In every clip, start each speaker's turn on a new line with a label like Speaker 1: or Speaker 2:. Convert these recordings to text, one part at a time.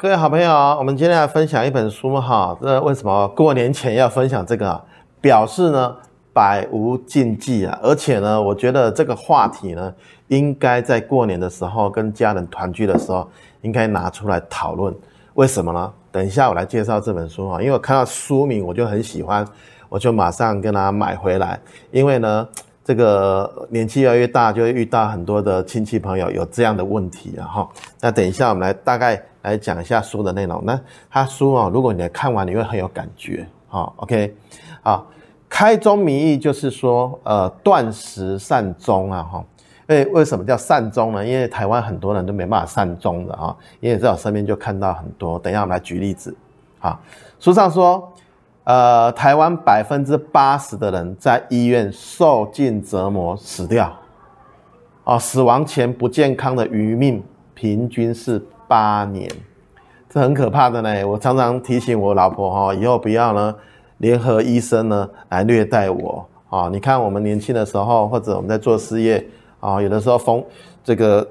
Speaker 1: 各位好朋友，我們今天來分享一本書哈。那為什麼過年前要分享這個？表示呢，百無禁忌啊。而且呢，我覺得這個話題呢，應該在過年的時候跟家人團聚的時候，應該拿出來討論。為什麼呢？等一下我來介紹這本書哈，因為我看到書名我就很喜歡，我就馬上跟他買回來。因為呢，這個年紀越來越大，就會遇到很多的親戚朋友有這樣的問題了哈。那等一下我們來大概。來講一下書的內容。那他書啊、哦，如果你看完，你會很有感覺。好、哦、，OK，好、啊，開宗明義就是說，呃，斷食善終啊，哈、哦。因為為什麼叫善終呢？因為台灣很多人都沒辦法善終的啊、哦。因為在我身邊就看到很多。等一下，我們來舉例子。啊、哦，書上說，呃，台灣百分之八十的人在醫院受盡折磨死掉，啊、哦，死亡前不健康的餘命平均是。八年，這很可怕的呢。我常常提醒我老婆哈，以後不要呢聯合醫生呢來虐待我啊、哦。你看我們年輕的時候，或者我們在做事業啊、哦，有的時候風這個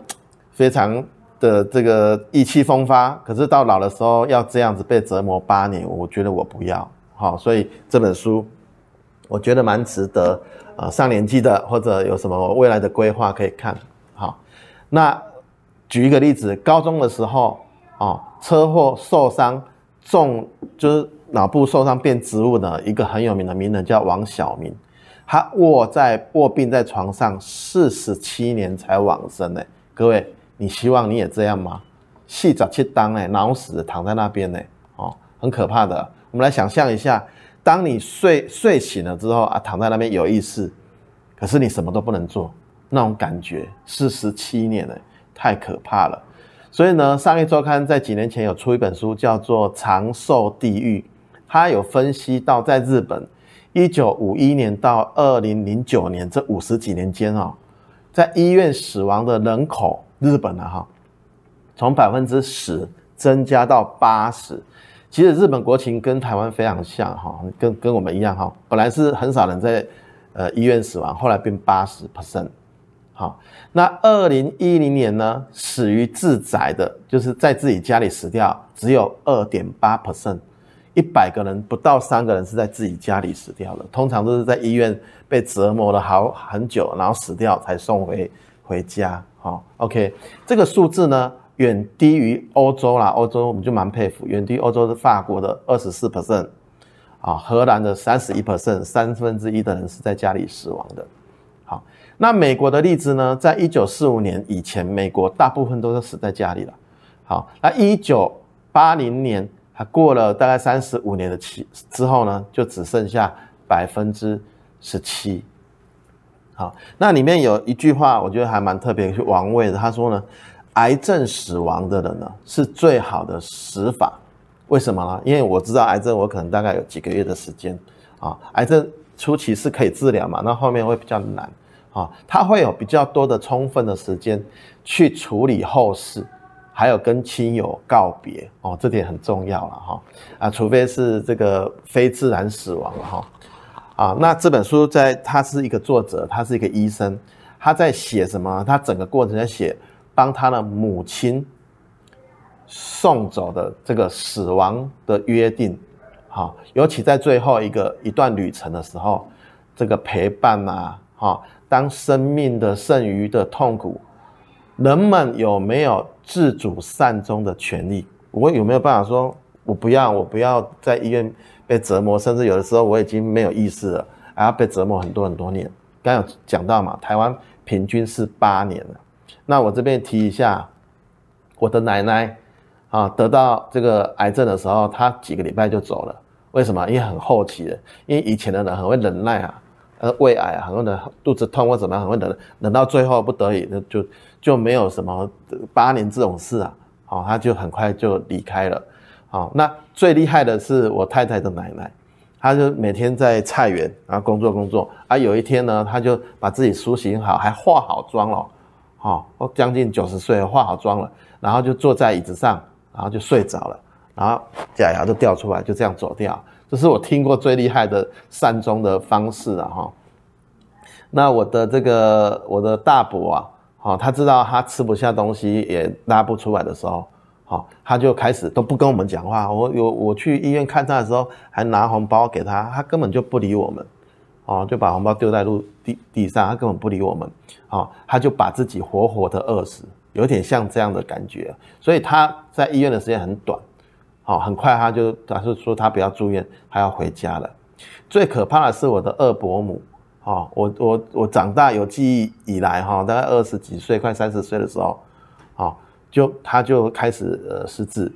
Speaker 1: 非常的這個意氣風發，可是到老的時候要這樣子被折磨八年，我覺得我不要、哦，所以這本書我覺得蠻值得，啊、呃。上年紀的或者有什麼未來的規劃可以看好、哦。那。舉一個例子，高中的時候，哦，車禍受傷，重就是腦部受傷變植物的一個很有名的名人叫王曉民，他臥在臥病在床上四十七年才往生、欸。呢。各位，你希望你也這樣嗎？細找去當哎，腦死躺在那邊呢、欸，哦，很可怕的。我們來想象一下，當你睡睡醒了之後啊，躺在那邊有意識，可是你什麼都不能做，那種感覺四十七年呢、欸。太可怕了，所以呢，《商業週刊》在幾年前有出一本書，叫做《長壽地獄》，它有分析到，在日本，一九五一年到二零零九年這五十幾年間哦，在醫院死亡的人口，日本的、啊、哈，從百分之十增加到八十。其實日本國情跟台灣非常像哈，跟跟我們一樣哈、哦，本來是很少人在呃醫院死亡，後來變八十 percent。好，那二零一零年呢，死於自宅的，就是在自己家裡死掉，只有二點八 percent，一百個人不到三個人是在自己家裡死掉的，通常都是在醫院被折磨了好很久，然後死掉才送回回家。好，OK，這個數字呢，遠低於歐洲啦。歐洲我們就蠻佩服，遠低於歐洲是法國的二十四 percent，啊，荷蘭的三十一 percent，三分之一的人是在家裡死亡的。好。那美國的例子呢，在一九四五年以前，美國大部分都是死在家裡了。好，那一九八零年，他過了大概三十五年的期之後呢，就只剩下百分之十七。好，那裡面有一句話，我覺得還蠻特別，去玩味的。他說呢，癌症死亡的人呢，是最好的死法。為什麼呢？因為我知道癌症，我可能大概有幾個月的時間啊。癌症初期是可以治療嘛，那後面會比較難。啊、哦，他會有比較多的充分的時間去處理後事，還有跟親友告別哦，這點很重要了哈、哦。啊，除非是這個非自然死亡哈、哦。啊，那這本書在，他是一個作者，他是一個醫生，他在寫什麼？他整個過程在寫幫他的母親送走的這個死亡的約定，哈、哦，尤其在最後一個一段旅程的時候，這個陪伴啊。哈、哦。當生命的剩餘的痛苦，人們有沒有自主善終的權利？我有沒有辦法說，我不要，我不要在醫院被折磨，甚至有的時候我已經沒有意識了，還、啊、要被折磨很多很多年？剛有講到嘛，台灣平均是八年了。那我這邊提一下，我的奶奶啊，得到這個癌症的時候，她幾個禮拜就走了。為什麼？因為很後期了，因為以前的人很會忍耐啊。呃，胃癌、啊、很多人肚子痛或怎麼樣，很多人等到最後不得已，那就就沒有什麼八年這種事啊，好、哦，他就很快就離開了。好、哦，那最厲害的是我太太的奶奶，她就每天在菜園然後工作工作，啊，有一天呢，她就把自己梳洗好，還化好妝了，哦，將近九十歲化好妝了，然後就坐在椅子上，然後就睡着了，然後假牙就掉出來，就這樣走掉。這是我聽過最厲害的善終的方式了、啊、哈。那我的這個我的大伯啊，好，他知道他吃不下東西也拉不出來的時候，好，他就開始都不跟我們講話。我有我去醫院看他的時候，還拿紅包給他，他根本就不理我們，哦，就把紅包丟在路地地上，他根本不理我們，好，他就把自己活活的餓死，有點像這樣的感覺，所以他在醫院的時間很短。好，很快他就他就說他不要住院，他要回家了。最可怕的是我的二伯母，哈，我我我長大有記憶以來，哈，大概二十幾歲快三十歲的時候，啊，就他就開始呃失智，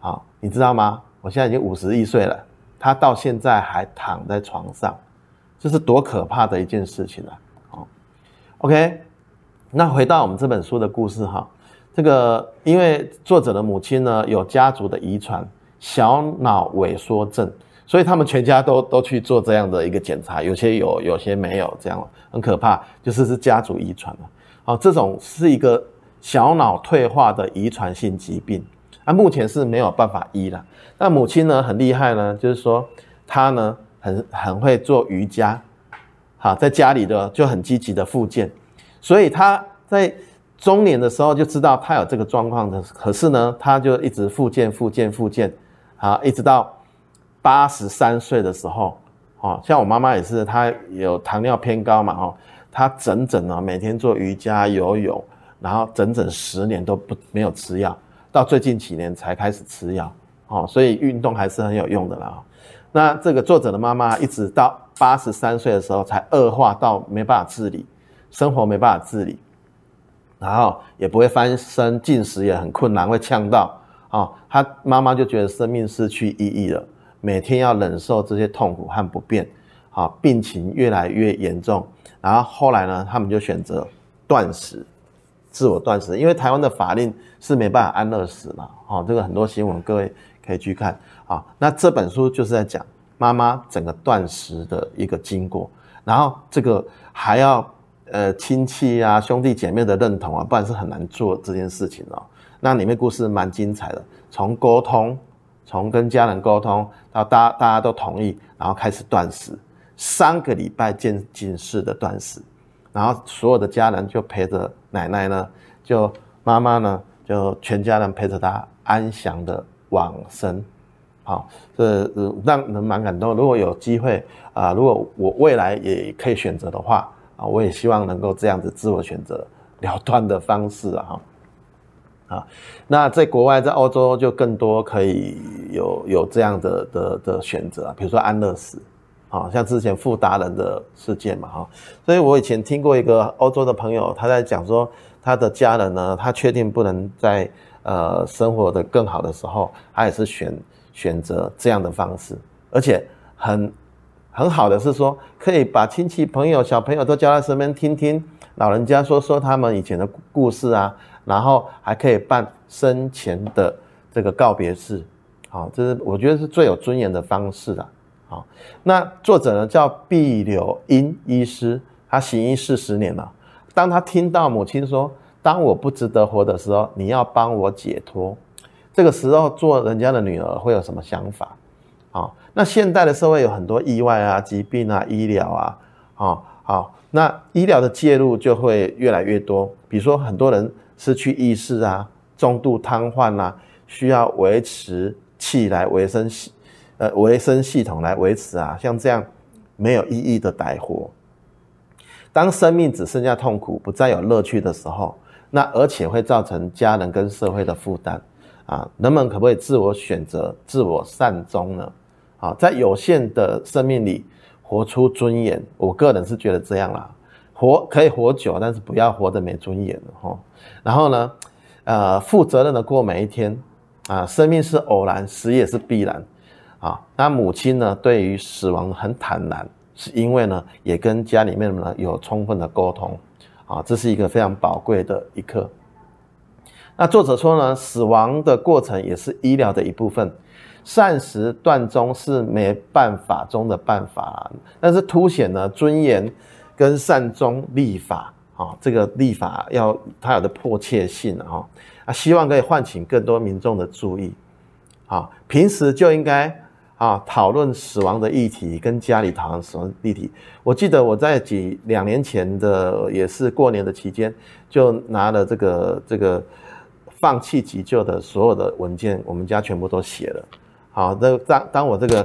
Speaker 1: 啊，你知道嗎？我現在已經五十一歲了，他到現在還躺在床上，這是多可怕的一件事情啊！好，OK，那回到我們這本書的故事哈。這個因為作者的母親呢，有家族的遺傳小腦萎縮症，所以他們全家都都去做這樣的一個檢查，有些有，有些沒有，這樣很可怕，就是是家族遺傳的。好、哦，這種是一個小腦退化的遺傳性疾病，那、啊、目前是沒有辦法醫了。那母親呢很厲害呢，就是說她呢很很會做瑜伽，好、哦，在家裡的就很積極的復健，所以她在。中年的時候就知道他有這個狀況的，可是呢，他就一直復健、復健、復健，啊，一直到八十三歲的時候，哦、啊，像我媽媽也是，她有糖尿偏高嘛，哦、啊，她整整呢、啊、每天做瑜伽、游泳，然後整整十年都不沒有吃藥，到最近幾年才開始吃藥，哦、啊，所以運動還是很有用的啦。那這個作者的媽媽一直到八十三歲的時候才惡化到沒辦法自理，生活沒辦法自理。然後也不會翻身，進食也很困難，會嗆到。啊、哦，他媽媽就覺得生命失去意義了，每天要忍受這些痛苦和不便。啊、哦，病情越來越嚴重。然後後來呢，他們就選擇斷食，自我斷食，因為台灣的法令是沒辦法安樂死嘛。哦，這個很多新聞，各位可以去看。啊、哦，那這本書就是在講媽媽整個斷食的一個經過，然後這個還要。呃，親戚啊，兄弟姐妹的認同啊，不然是很難做這件事情哦。那裡面故事蠻精彩的，從溝通，從跟家人溝通到大家大家都同意，然後開始斷食，三個禮拜漸進式的斷食，然後所有的家人就陪着奶奶呢，就媽媽呢，就全家人陪着她安詳的往生，好、哦，這讓人蠻感動。如果有機會啊、呃，如果我未來也可以選擇的話。啊，我也希望能夠這樣子自我選擇了斷的方式啊，啊，那在國外，在歐洲就更多可以有有這樣的的的選擇啊，比如說安樂死，好像之前傅達仁的事件嘛哈，所以我以前聽過一個歐洲的朋友，他在講說他的家人呢，他確定不能再呃生活得更好的時候，他也是選選擇這樣的方式，而且很。很好的是說，可以把親戚朋友、小朋友都叫在身邊聽聽，老人家說說他們以前的故事啊，然後還可以辦生前的這個告別式，好，這是我覺得是最有尊嚴的方式的。好，那作者呢叫畢柳鶯醫師，他行醫四十年了。當他聽到母親說“當我不值得活的時候，你要幫我解脫”，這個時候做人家的女兒會有什麼想法？好。那現代的社會有很多意外啊、疾病啊、醫療啊，啊、哦、好，那醫療的介入就會越來越多。比如說，很多人失去意識啊、重度癱瘓啊，需要維持器來維生系，呃，維生系統來維持啊。像這樣沒有意義的歹活，當生命只剩下痛苦，不再有樂趣的時候，那而且會造成家人跟社會的負擔啊。人們可不可以自我選擇、自我善終呢？啊，在有限的生命裡活出尊嚴，我個人是覺得這樣啦。活可以活久，但是不要活得沒尊嚴哦。然後呢，呃，負責任的過每一天啊。生命是偶然，死也是必然啊。那母親呢，對於死亡很坦然，是因為呢，也跟家裡面呢有充分的溝通啊。這是一個非常寶貴的一刻。那作者說呢，死亡的過程也是醫療的一部分。斷食善終是沒辦法中的辦法，但是凸顯了尊嚴跟善終立法啊，這個立法要它有的迫切性啊啊，希望可以喚醒更多民眾的注意啊。平時就應該啊討論死亡的議題，跟家裡討論死亡的議題。我記得我在幾兩年前的也是過年的期間，就拿了這個這個放棄急救的所有的文件，我們家全部都寫了。好，那當當我這個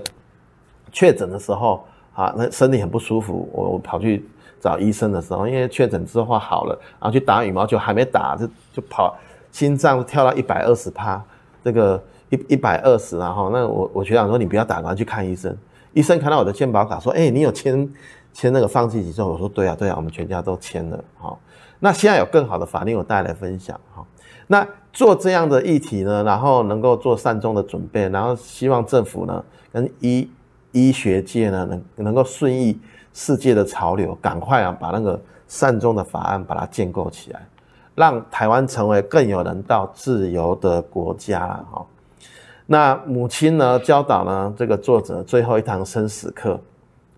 Speaker 1: 確診的時候，啊，那身體很不舒服，我我跑去找醫生的時候，因為確診之後好了，然後去打羽毛球，還沒打就就跑，心臟跳到一百二十趴，這個一一百二十，然後那我我學長說，你不要打，然後去看醫生，醫生看到我的健保卡說，哎、欸，你有簽簽那個放棄急救？我說對啊對啊，我們全家都簽了，好，那現在有更好的法令，我帶來分享哈。那做這樣的議題呢，然後能夠做善終的準備，然後希望政府呢跟醫醫學界呢能能夠順應世界的潮流，趕快啊把那個善終的法案把它建構起來，讓台灣成為更有人道自由的國家啊、哦。那母親呢教導呢這個作者最後一堂生死課，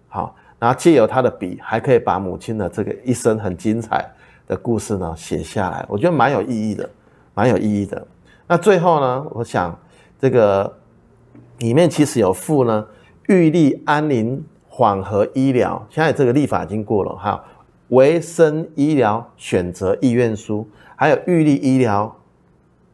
Speaker 1: 好、哦，然後借由他的筆還可以把母親的這個一生很精彩的故事呢寫下來，我覺得蠻有意義的。蠻有意義的。那最後呢，我想這個裡面其實有附呢，預立安寧緩和醫療，現在這個立法已經過了。哈，維生醫療選擇意願書，還有預立醫療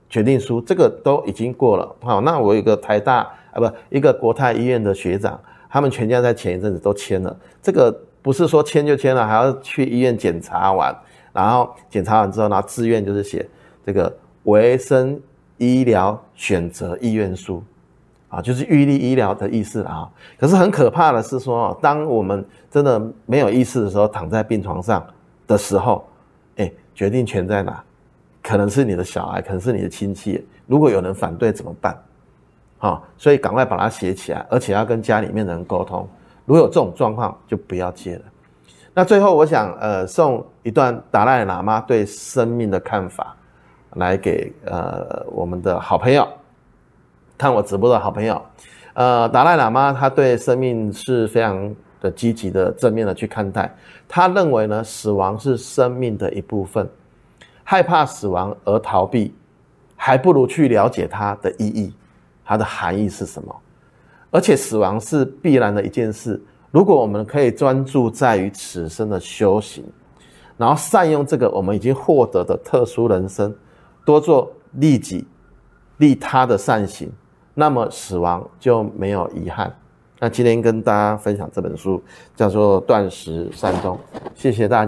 Speaker 1: 決定書，這個都已經過了。好，那我有一個台大啊，不，一個國泰醫院的學長，他們全家在前一陣子都簽了。這個不是說簽就簽了，還要去醫院檢查完，然後檢查完之後拿志願，自就是寫這個。維生醫療選擇意願書，啊，就是預立醫療的意思啊。可是很可怕的是說，當我們真的沒有意識的時候，躺在病床上的時候，哎，決定權在哪？可能是你的小孩，可能是你的親戚。如果有人反對怎麼辦？啊，所以趕快把它寫起來，而且要跟家裡面的人溝通。如果有這種狀況，就不要接了。那最後，我想呃，送一段達賴喇嘛對生命的看法。來給呃我們的好朋友看我直播的好朋友，呃，達賴喇嘛他對生命是非常的積極的正面的去看待。他認為呢，死亡是生命的一部分，害怕死亡而逃避，還不如去了解它的意義，它的含義是什麼。而且死亡是必然的一件事。如果我們可以專注在於此生的修行，然後善用這個我們已經獲得的特殊人生，多做利己、利他的善行，那麼死亡就沒有遺憾。那今天跟大家分享這本書，叫做《斷食善終》，謝謝大家。